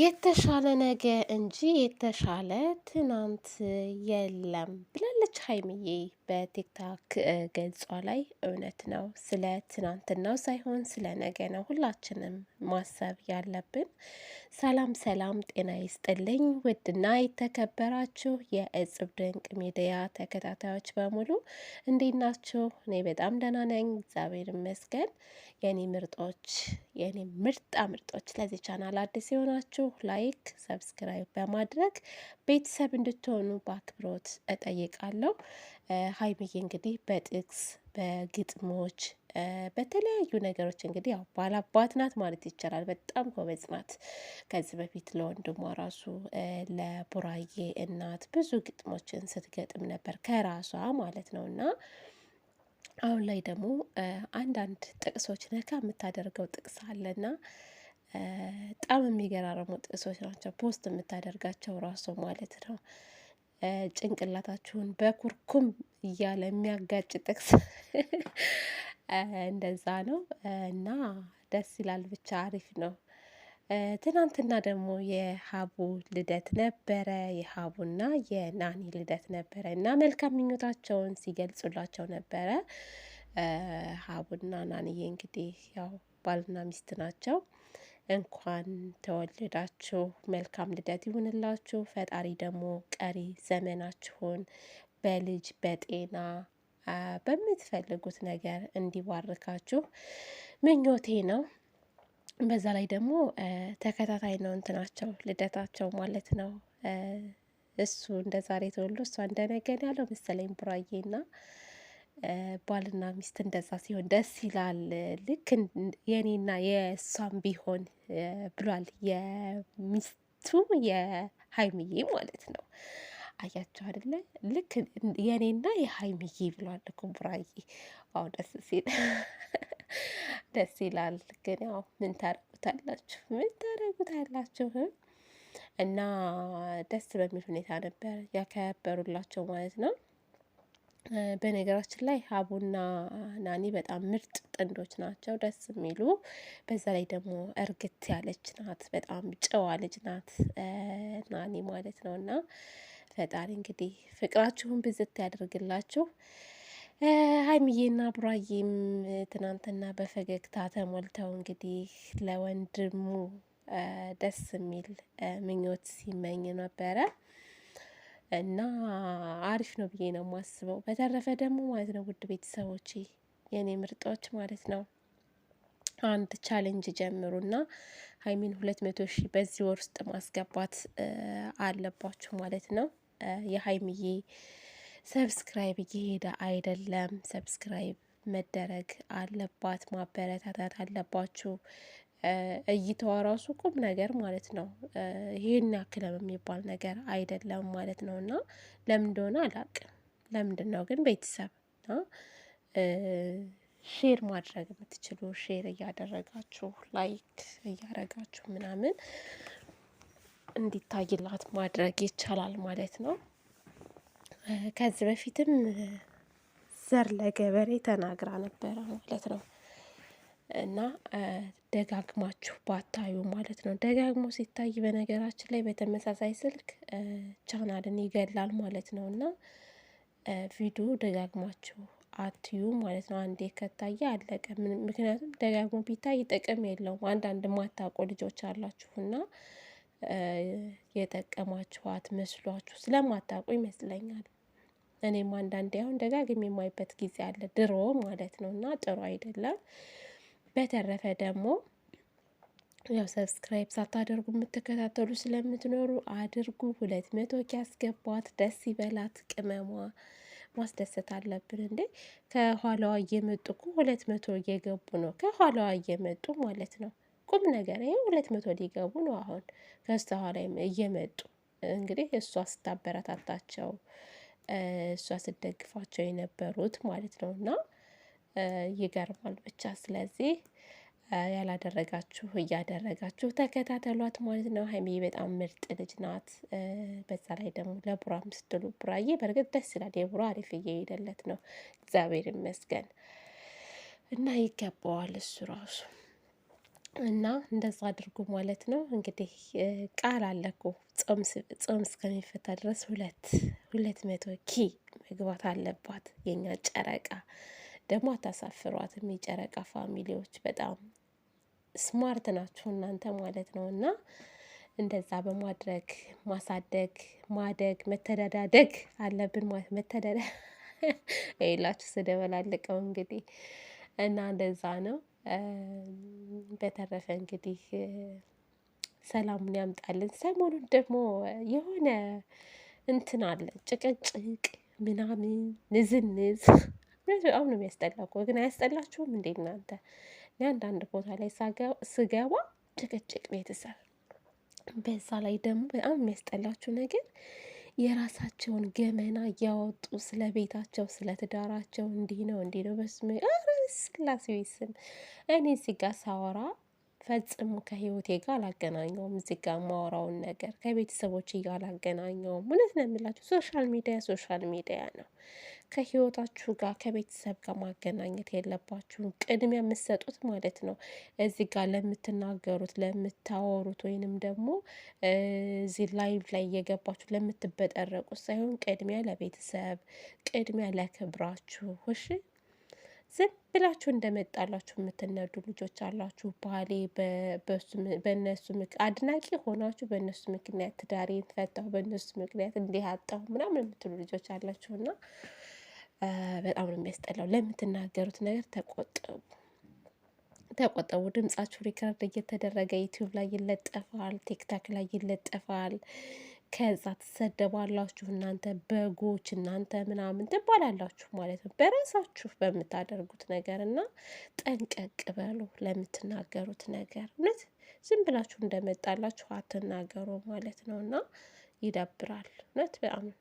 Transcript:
የተሻለ ነገ እንጂ የተሻለ ትናንት የለም ብላለች ሀይምዬ በቲክታክ ገጿ ላይ እውነት ነው። ስለ ትናንትናው ሳይሆን ስለ ነገ ነው ሁላችንም ማሰብ ያለብን። ሰላም ሰላም፣ ጤና ይስጥልኝ ውድና የተከበራችሁ የእጽብ ድንቅ ሚዲያ ተከታታዮች በሙሉ እንዴት ናችሁ? እኔ በጣም ደህና ነኝ፣ እግዚአብሔር ይመስገን። የኔ ምርጦች፣ የኔ ምርጣ ምርጦች፣ ለዚህ ቻናል አዲስ የሆናችሁ ላይክ፣ ሰብስክራይብ በማድረግ ቤተሰብ እንድትሆኑ በአክብሮት እጠይቃለሁ። ሀይሚዬ እንግዲህ በጥቅስ በግጥሞች በተለያዩ ነገሮች እንግዲህ ያው ባላባት ናት ማለት ይቻላል። በጣም ጎበዝ ናት። ከዚህ በፊት ለወንድሟ ራሱ ለቡራዬ እናት ብዙ ግጥሞችን ስትገጥም ነበር ከራሷ ማለት ነው እና አሁን ላይ ደግሞ አንዳንድ ጥቅሶች ነካ የምታደርገው ጥቅስ አለና በጣም የሚገራረሙ ጥቅሶች ናቸው ፖስት የምታደርጋቸው ራሱ ማለት ነው። ጭንቅላታችሁን በኩርኩም እያለ የሚያጋጭ ጥቅስ እንደዛ ነው እና ደስ ይላል። ብቻ አሪፍ ነው። ትናንትና ደግሞ የሀቡ ልደት ነበረ። የሀቡና የናኒ ልደት ነበረ እና መልካም ምኞታቸውን ሲገልጹላቸው ነበረ። ሀቡና ናኒዬ እንግዲህ ያው ባልና ሚስት ናቸው። እንኳን ተወለዳችሁ፣ መልካም ልደት ይሁንላችሁ። ፈጣሪ ደግሞ ቀሪ ዘመናችሁን በልጅ በጤና በምትፈልጉት ነገር እንዲባርካችሁ ምኞቴ ነው። በዛ ላይ ደግሞ ተከታታይ ነው እንትናቸው ልደታቸው ማለት ነው። እሱ እንደ ዛሬ ተወልዶ እሷ እንደነገን ያለው መሰለኝ ቡራዬና ባልና ሚስት እንደዛ ሲሆን ደስ ይላል። ልክ የኔና የእሷም ቢሆን ብሏል የሚስቱ የሀይምዬ ማለት ነው። አያቸው አይደለ? ልክ የኔና የሀይምዬ ብሏል እኮ ቡራዬ። አዎ ደስ ሲል ደስ ይላል። ግን ያው ምን ታደርጉታላችሁ? ምን ታደርጉታላችሁ? እና ደስ በሚል ሁኔታ ነበር ያከበሩላቸው ማለት ነው። በነገራችን ላይ ሀቡና ናኒ በጣም ምርጥ ጥንዶች ናቸው፣ ደስ የሚሉ በዛ ላይ ደግሞ እርግት ያለች ናት። በጣም ጨዋ ልጅ ናት ናኒ ማለት ነው። እና ፈጣሪ እንግዲህ ፍቅራችሁን ብዝት ያደርግላችሁ። ሀይሚዬና ቡራዬም ትናንትና በፈገግታ ተሞልተው እንግዲህ ለወንድሙ ደስ የሚል ምኞት ሲመኝ ነበረ። እና አሪፍ ነው ብዬ ነው የማስበው። በተረፈ ደግሞ ማለት ነው ውድ ቤተሰቦቼ የእኔ ምርጦች ማለት ነው አንድ ቻሌንጅ ጀምሩና ሀይሚን ሁለት መቶ ሺ በዚህ ወር ውስጥ ማስገባት አለባችሁ ማለት ነው። የሀይሚዬ ሰብስክራይብ እየሄደ አይደለም። ሰብስክራይብ መደረግ አለባት። ማበረታታት አለባችሁ። እይታዋ ራሱ ቁም ነገር ማለት ነው። ይህን ያክል የሚባል ነገር አይደለም ማለት ነው። እና ለምን እንደሆነ አላቅም። ለምንድን ነው ግን ቤተሰብ እና ሼር ማድረግ የምትችሉ ሼር እያደረጋችሁ ላይክ እያደረጋችሁ ምናምን እንዲታይላት ማድረግ ይቻላል ማለት ነው። ከዚህ በፊትም ዘር ለገበሬ ተናግራ ነበረ ማለት ነው እና ደጋግማችሁ ባታዩ ማለት ነው። ደጋግሞ ሲታይ በነገራችን ላይ በተመሳሳይ ስልክ ቻናልን ይገላል ማለት ነው እና ቪዲዮ ደጋግማችሁ አትዩ ማለት ነው። አንዴ ከታየ አለቀ። ምክንያቱም ደጋግሞ ቢታይ ጥቅም የለውም። አንዳንድ ማታቆ ልጆች አላችሁና የጠቀማችኋት መስሏችሁ ስለማታውቁ ይመስለኛል። እኔም አንዳንዴ አሁን ደጋግሜ የማይበት ጊዜ አለ ድሮ ማለት ነው እና ጥሩ አይደለም። በተረፈ ደግሞ ያው ሰብስክራይብ ሳታደርጉ የምትከታተሉ ስለምትኖሩ አድርጉ። ሁለት መቶ ያስገባት ያስገቧት፣ ደስ ይበላት። ቅመሟ ማስደሰት አለብን እንዴ! ከኋላዋ እየመጡ እኮ ሁለት መቶ እየገቡ ነው። ከኋላዋ እየመጡ ማለት ነው። ቁም ነገር ይሄ ሁለት መቶ ሊገቡ ነው። አሁን ከስተ ኋላ እየመጡ እንግዲህ እሷ ስታበረታታቸው እሷ ስደግፋቸው የነበሩት ማለት ነው እና ይገርማል ብቻ። ስለዚህ ያላደረጋችሁ እያደረጋችሁ ተከታተሏት ማለት ነው። ሀይሚ በጣም ምርጥ ልጅ ናት። በዛ ላይ ደግሞ ለቡራም ስትሉ ቡራዬ በእርግጥ ደስ ይላል። የቡራ አሪፍ እየሄደለት ነው፣ እግዚአብሔር ይመስገን እና ይገባዋል እሱ ራሱ እና እንደዛ አድርጉ ማለት ነው። እንግዲህ ቃል አለ እኮ ጾም እስከሚፈታ ድረስ ሁለት ሁለት መቶ ኪ መግባት አለባት የኛ ጨረቃ ደግሞ አታሳፍሯትም። የጨረቃ ፋሚሊዎች በጣም ስማርት ናችሁ እናንተ ማለት ነው እና እንደዛ በማድረግ ማሳደግ፣ ማደግ፣ መተዳዳደግ አለብን ማለት መተዳደ ይላችሁ ስደበላልቀው እንግዲህ እና እንደዛ ነው። በተረፈ እንግዲህ ሰላሙን ያምጣልን። ሰሞኑን ደግሞ የሆነ እንትን አለ ጭቅጭቅ ምናምን ንዝንዝ በጣም ነው የሚያስጠላ እኮ ግን አያስጠላችሁም እንዴ እናንተ? ለአንዳንድ ቦታ ላይ ስገባ ጭቅጭቅ ቤተሰብ፣ በዛ ላይ ደግሞ በጣም የሚያስጠላችሁ ነገር የራሳቸውን ገመና እያወጡ ስለ ቤታቸው ስለ ትዳራቸው እንዲህ ነው እንዲህ ነው በስመ አብ ስላሴ ስም እኔ እዚህ ጋር ሳወራ ፈጽሞ ከህይወቴ ጋር አላገናኘውም። እዚህ ጋር ማወራውን ነገር ከቤተሰቦች ጋር አላገናኘውም። እውነት ነው የምላችሁ፣ ሶሻል ሚዲያ ሶሻል ሚዲያ ነው። ከህይወታችሁ ጋር ከቤተሰብ ጋር ማገናኘት የለባችሁም። ቅድሚያ የምትሰጡት ማለት ነው እዚህ ጋር ለምትናገሩት ለምታወሩት፣ ወይንም ደግሞ እዚህ ላይቭ ላይ እየገባችሁ ለምትበጠረቁት ሳይሆን ቅድሚያ ለቤተሰብ፣ ቅድሚያ ለክብራችሁ እሺ። ዝም ብላችሁ እንደመጣላችሁ የምትነዱ ልጆች አላችሁ። ባሌ በእነሱ አድናቂ ሆናችሁ በእነሱ ምክንያት ትዳሬን ፈታሁ፣ በእነሱ ምክንያት እንዲህ አጣሁ ምናምን የምትሉ ልጆች እና በጣም ነው የሚያስጠላው። ለምትናገሩት ነገር ተቆጠቡ፣ ተቆጠቡ። ድምጻችሁ ሪከርድ እየተደረገ ዩቲዩብ ላይ ይለጠፋል፣ ቲክታክ ላይ ይለጠፋል። ከዛ ትሰደባላችሁ፣ እናንተ በጎች፣ እናንተ ምናምን ትባላላችሁ ማለት ነው። በራሳችሁ በምታደርጉት ነገር እና ጠንቀቅ በሉ ለምትናገሩት ነገር። እውነት ዝም ብላችሁ እንደመጣላችሁ አትናገሩ ማለት ነው እና ይደብራል እውነት በጣም